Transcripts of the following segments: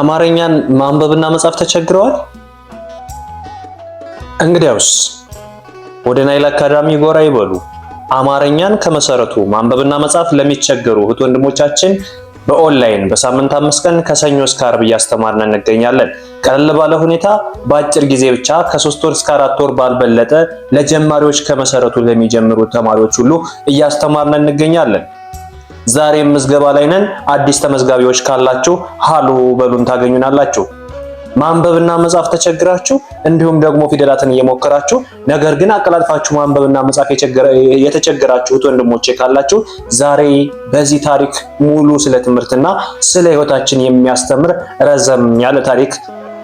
አማርኛን ማንበብና መጻፍ ተቸግረዋል? እንግዲያውስ ወደ ናይል አካዳሚ ጎራ ይበሉ። አማርኛን ከመሰረቱ ማንበብና መጻፍ ለሚቸገሩ እህት ወንድሞቻችን በኦንላይን በሳምንት አምስት ቀን ከሰኞ እስከ አርብ እያስተማርን እንገኛለን። ቀለል ባለ ሁኔታ በአጭር ጊዜ ብቻ ከሶስት ወር እስከ አራት ወር ባልበለጠ ለጀማሪዎች ከመሰረቱ ለሚጀምሩ ተማሪዎች ሁሉ እያስተማርን እንገኛለን። ዛሬ ምዝገባ ላይ ነን። አዲስ ተመዝጋቢዎች ካላችሁ ሃሎ በሉን ታገኙናላችሁ። ማንበብና መጻፍ ተቸግራችሁ እንዲሁም ደግሞ ፊደላትን እየሞከራችሁ ነገር ግን አቀላጥፋችሁ ማንበብና መጻፍ የተቸገራችሁት ወንድሞቼ ካላችሁ ዛሬ በዚህ ታሪክ ሙሉ ስለ ትምህርትና ስለ ሕይወታችን የሚያስተምር ረዘም ያለ ታሪክ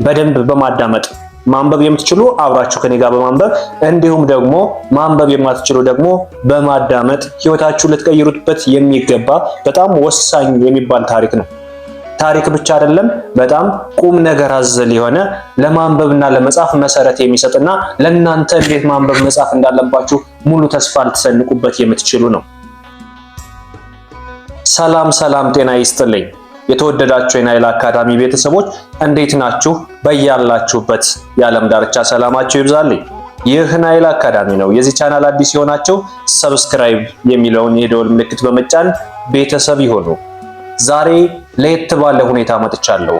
በደንብ በማዳመጥ ማንበብ የምትችሉ አብራችሁ ከኔ ጋር በማንበብ እንዲሁም ደግሞ ማንበብ የማትችሉ ደግሞ በማዳመጥ ህይወታችሁ ልትቀይሩበት የሚገባ በጣም ወሳኝ የሚባል ታሪክ ነው። ታሪክ ብቻ አይደለም፣ በጣም ቁም ነገር አዘል የሆነ ለማንበብና ለመጻፍ መሰረት የሚሰጥና ለእናንተ እንዴት ማንበብ መጻፍ እንዳለባችሁ ሙሉ ተስፋ ልትሰንቁበት የምትችሉ ነው። ሰላም ሰላም፣ ጤና ይስጥልኝ። የተወደዳችሁ የናይል አካዳሚ ቤተሰቦች እንዴት ናችሁ? በያላችሁበት የዓለም ዳርቻ ሰላማችሁ ይብዛልኝ። ይህ ናይል አካዳሚ ነው። የዚህ ቻናል አዲስ የሆናችሁ ሰብስክራይብ የሚለውን የደወል ምልክት በመጫን ቤተሰብ ይሆኑ። ዛሬ ለየት ባለ ሁኔታ መጥቻለሁ።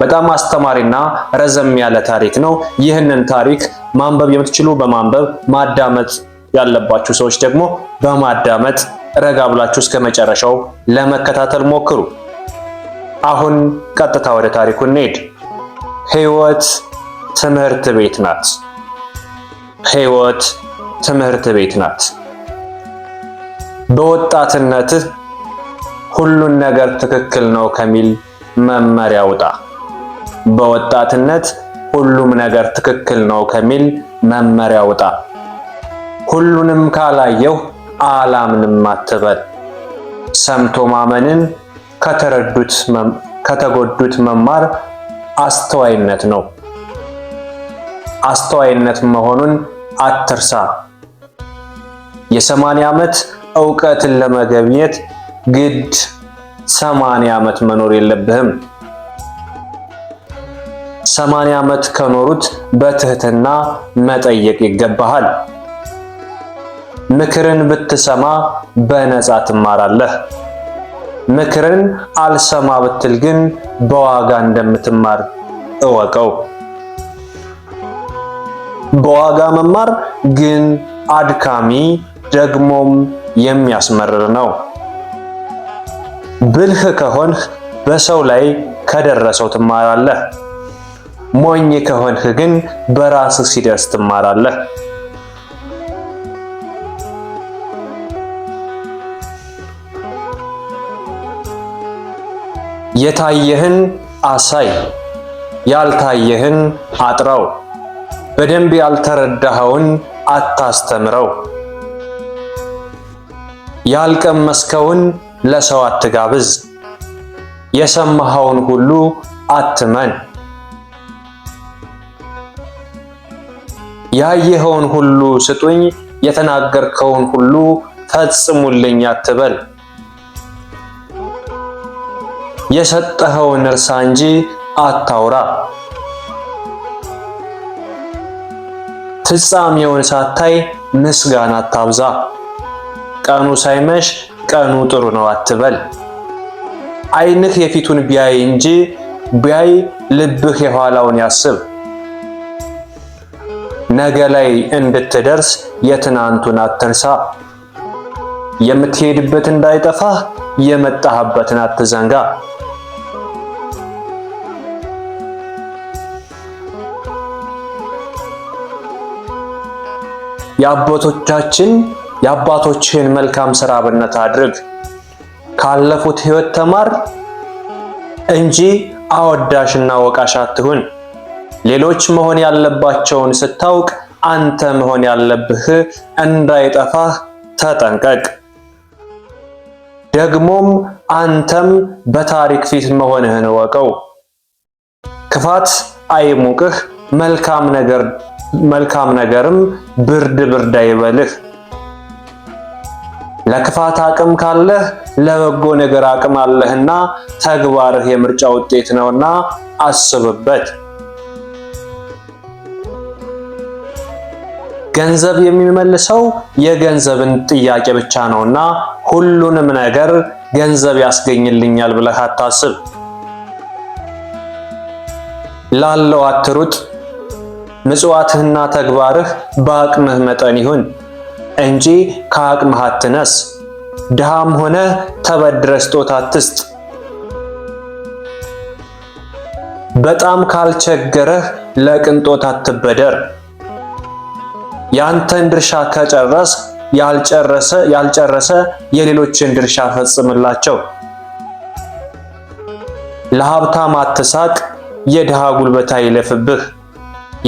በጣም አስተማሪና ረዘም ያለ ታሪክ ነው። ይህንን ታሪክ ማንበብ የምትችሉ በማንበብ ማዳመጥ ያለባችሁ ሰዎች ደግሞ በማዳመጥ ረጋ ብላችሁ እስከ መጨረሻው ለመከታተል ሞክሩ። አሁን ቀጥታ ወደ ታሪኩ እንሄድ። ህይወት ትምህርት ቤት ናት። ህይወት ትምህርት ቤት ናት። በወጣትነትህ ሁሉን ነገር ትክክል ነው ከሚል መመሪያ ውጣ። በወጣትነት ሁሉም ነገር ትክክል ነው ከሚል መመሪያ ውጣ። ሁሉንም ካላየሁ አላምንም አትበል። ሰምቶ ማመንን ከተጎዱት መማር አስተዋይነት ነው። አስተዋይነት መሆኑን አትርሳ። የሰማንያ ዓመት እውቀትን ለመገብኘት ግድ ሰማንያ ዓመት መኖር የለብህም። ሰማንያ ዓመት ከኖሩት በትህትና መጠየቅ ይገባሃል። ምክርን ብትሰማ በነፃ ትማራለህ። ምክርን አልሰማ ብትል ግን በዋጋ እንደምትማር እወቀው። በዋጋ መማር ግን አድካሚ ደግሞም የሚያስመርር ነው። ብልህ ከሆንህ በሰው ላይ ከደረሰው ትማራለህ። ሞኝ ከሆንህ ግን በራስህ ሲደርስ ትማራለህ። የታየህን አሳይ፣ ያልታየህን አጥራው፣ በደንብ ያልተረዳኸውን አታስተምረው፣ ያልቀመስከውን ለሰው አትጋብዝ፣ የሰማኸውን ሁሉ አትመን፣ ያየኸውን ሁሉ ስጡኝ፣ የተናገርከውን ሁሉ ፈጽሙልኝ አትበል። የሰጠኸውን እርሳ እንጂ አታውራ። ፍጻሜውን ሳታይ ምስጋና አታብዛ። ቀኑ ሳይመሽ ቀኑ ጥሩ ነው አትበል። ዓይንህ የፊቱን ቢያይ እንጂ ቢያይ ልብህ የኋላውን ያስብ። ነገ ላይ እንድትደርስ የትናንቱን አትርሳ። የምትሄድበት እንዳይጠፋህ የመጣህበትን አትዘንጋ። የአባቶቻችን የአባቶችህን መልካም ስራ አብነት አድርግ። ካለፉት ህይወት ተማር እንጂ አወዳሽና ወቃሽ አትሁን። ሌሎች መሆን ያለባቸውን ስታውቅ አንተ መሆን ያለብህ እንዳይጠፋህ ተጠንቀቅ። ደግሞም አንተም በታሪክ ፊት መሆንህን እወቀው። ክፋት አይሙቅህ፣ መልካም ነገር መልካም ነገርም ብርድ ብርድ አይበልህ። ለክፋት አቅም ካለህ ለበጎ ነገር አቅም አለህና ተግባርህ የምርጫ ውጤት ነውና አስብበት። ገንዘብ የሚመልሰው የገንዘብን ጥያቄ ብቻ ነውና ሁሉንም ነገር ገንዘብ ያስገኝልኛል ብለህ አታስብ። ላለው አትሩጥ። ምጽዋትህና ተግባርህ በአቅምህ መጠን ይሁን እንጂ ከአቅምህ አትነስ። ድሃም ሆነ ተበድረ ስጦታ አትስጥ። በጣም ካልቸገረህ ለቅንጦት አትበደር። ያንተን ድርሻ ከጨረስ ያልጨረሰ ያልጨረሰ የሌሎችን ድርሻ ፈጽምላቸው። ለሀብታም አትሳቅ፣ የድሃ ጉልበት አይለፍብህ።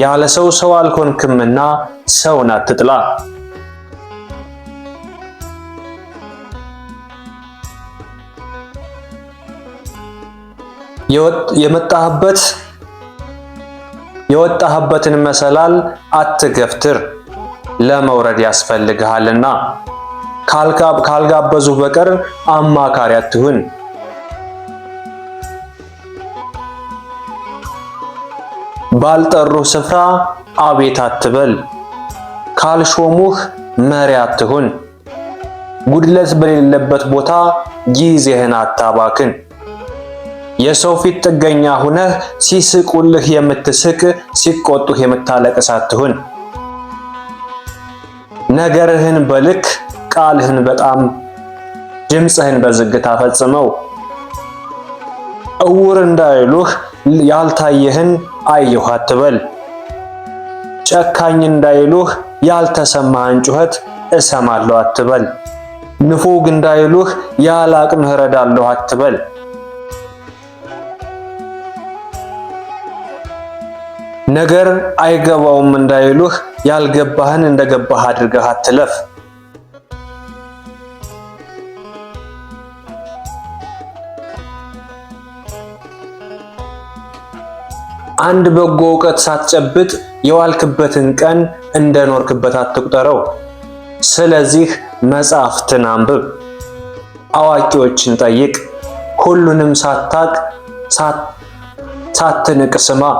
ያለ ሰው ሰው አልኮንክምና ሰውን አትጥላ። የመጣህበት የወጣህበትን መሰላል አትገፍትር። ለመውረድ ያስፈልግሃልና ካልጋበዙ በቀር አማካሪ አትሁን። ባልጠሩህ ስፍራ አቤት አትበል። ካልሾሙህ መሪ አትሁን። ጉድለት በሌለበት ቦታ ጊዜህን አታባክን። የሰው ፊት ጥገኛ ሁነህ ሲስቁልህ የምትስቅ ሲቆጡህ የምታለቅስ አትሁን። ነገርህን በልክ ቃልህን በጣም ድምፅህን በዝግታ ፈጽመው። እውር እንዳይሉህ ያልታየህን አየሁ አትበል። ጨካኝ እንዳይሉህ ያልተሰማህን ጩኸት እሰማለሁ አትበል። ንፉግ እንዳይሉህ ያለ አቅምህ እረዳለሁ አትበል። ነገር አይገባውም እንዳይሉህ ያልገባህን እንደገባህ አድርገህ አትለፍ። አንድ በጎ እውቀት ሳትጨብጥ የዋልክበትን ቀን እንደኖርክበት አትቁጠረው። ስለዚህ መጽሐፍትን አንብብ፣ አዋቂዎችን ጠይቅ፣ ሁሉንም ሳታቅ ሳትንቅ ስማ።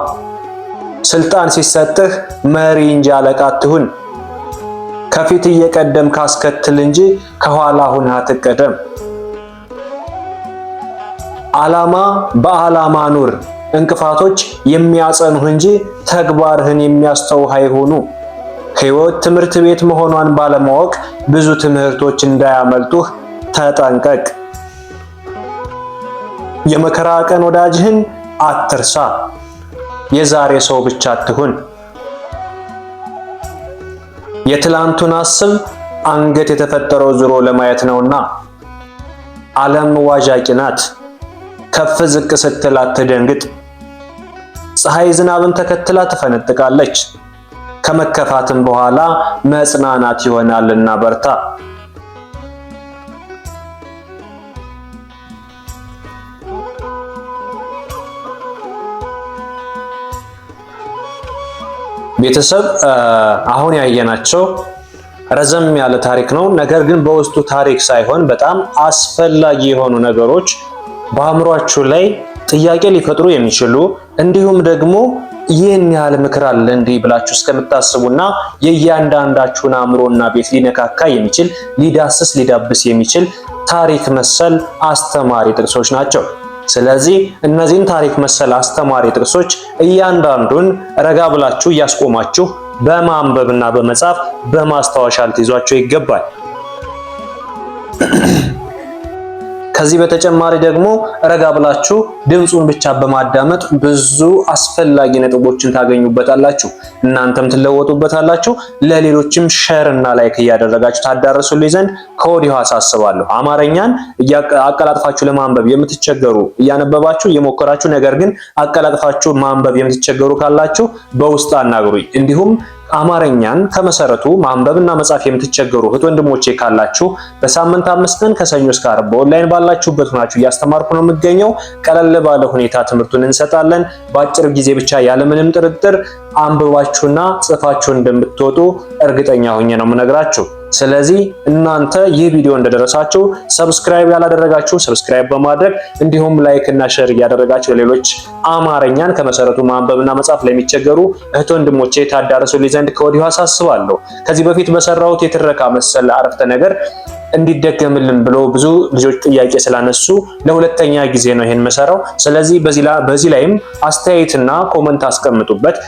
ስልጣን ሲሰጥህ መሪ እንጂ አለቃ አትሁን። ከፊት እየቀደም ካስከትል እንጂ ከኋላ ሁን አትቀደም። ዓላማ በዓላማ ኑር። እንቅፋቶች የሚያጸኑህ እንጂ ተግባርህን የሚያስተውህ አይሆኑ። ሕይወት ትምህርት ቤት መሆኗን ባለማወቅ ብዙ ትምህርቶች እንዳያመልጡህ ተጠንቀቅ። የመከራ ቀን ወዳጅህን አትርሳ። የዛሬ ሰው ብቻ አትሁን። የትላንቱን አስብ፣ አንገት የተፈጠረው ዙሮ ለማየት ነውና። ዓለም ዋዣቂ ናት፣ ከፍ ዝቅ ስትል አትደንግጥ። ፀሐይ ዝናብን ተከትላ ትፈነጥቃለች፣ ከመከፋትም በኋላ መጽናናት ይሆናልና በርታ። ቤተሰብ አሁን ያየናቸው ረዘም ያለ ታሪክ ነው። ነገር ግን በውስጡ ታሪክ ሳይሆን በጣም አስፈላጊ የሆኑ ነገሮች በአእምሯችሁ ላይ ጥያቄ ሊፈጥሩ የሚችሉ እንዲሁም ደግሞ ይህን ያህል ምክር አለ እንዲህ ብላችሁ እስከምታስቡና የእያንዳንዳችሁን አእምሮና ቤት ሊነካካ የሚችል ሊዳስስ ሊዳብስ የሚችል ታሪክ መሰል አስተማሪ ጥቅሶች ናቸው። ስለዚህ እነዚህን ታሪክ መሰል አስተማሪ ጥቅሶች እያንዳንዱን ረጋ ብላችሁ እያስቆማችሁ በማንበብና በመጻፍ በማስታወሻ ልትይዟቸው ይገባል። ከዚህ በተጨማሪ ደግሞ ረጋ ብላችሁ ድምፁን ብቻ በማዳመጥ ብዙ አስፈላጊ ነጥቦችን ታገኙበታላችሁ። እናንተም ትለወጡበታላችሁ። ለሌሎችም ሸር እና ላይክ እያደረጋችሁ ታዳረሱልኝ ዘንድ ከወዲሁ አሳስባለሁ። አማርኛን አቀላጥፋችሁ ለማንበብ የምትቸገሩ እያነበባችሁ እየሞከራችሁ ነገር ግን አቀላጥፋችሁ ማንበብ የምትቸገሩ ካላችሁ በውስጥ አናግሩኝ። እንዲሁም አማርኛን ከመሰረቱ ማንበብና መጻፍ የምትቸገሩ እህት ወንድሞቼ ካላችሁ በሳምንት አምስት ቀን ከሰኞ እስከ ዓርብ በኦንላይን ባላችሁበት ሆናችሁ እያስተማርኩ ነው የምገኘው። ቀለል ባለ ሁኔታ ትምህርቱን እንሰጣለን። በአጭር ጊዜ ብቻ ያለምንም ጥርጥር አንብባችሁና ጽፋችሁ እንደምትወጡ እርግጠኛ ሆኜ ነው የምነግራችሁ። ስለዚህ እናንተ ይህ ቪዲዮ እንደደረሳችሁ ሰብስክራይብ ያላደረጋችሁ ሰብስክራይብ በማድረግ እንዲሁም ላይክ እና ሼር እያደረጋችሁ ለሌሎች አማርኛን ከመሰረቱ ማንበብና መጻፍ ለሚቸገሩ እህት ወንድሞቼ ታዳርሱልኝ ዘንድ ከወዲሁ አሳስባለሁ። ከዚህ በፊት በሰራሁት የትረካ መሰል አረፍተ ነገር እንዲደገምልን ብሎ ብዙ ልጆች ጥያቄ ስላነሱ ለሁለተኛ ጊዜ ነው ይሄን መሰራው። ስለዚህ በዚህ ላይም አስተያየትና ኮመንት አስቀምጡበት።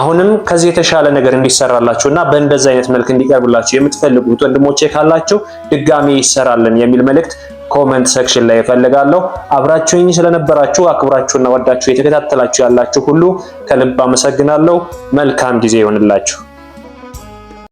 አሁንም ከዚህ የተሻለ ነገር እንዲሰራላችሁ እና በእንደዚህ አይነት መልክ እንዲቀርብላችሁ የምትፈልጉት ወንድሞቼ ካላችሁ ድጋሚ ይሰራልን የሚል መልእክት ኮመንት ሴክሽን ላይ እፈልጋለሁ። አብራችሁኝ ስለነበራችሁ አክብራችሁና ወዳችሁ የተከታተላችሁ ያላችሁ ሁሉ ከልብ አመሰግናለሁ። መልካም ጊዜ ይሆንላችሁ።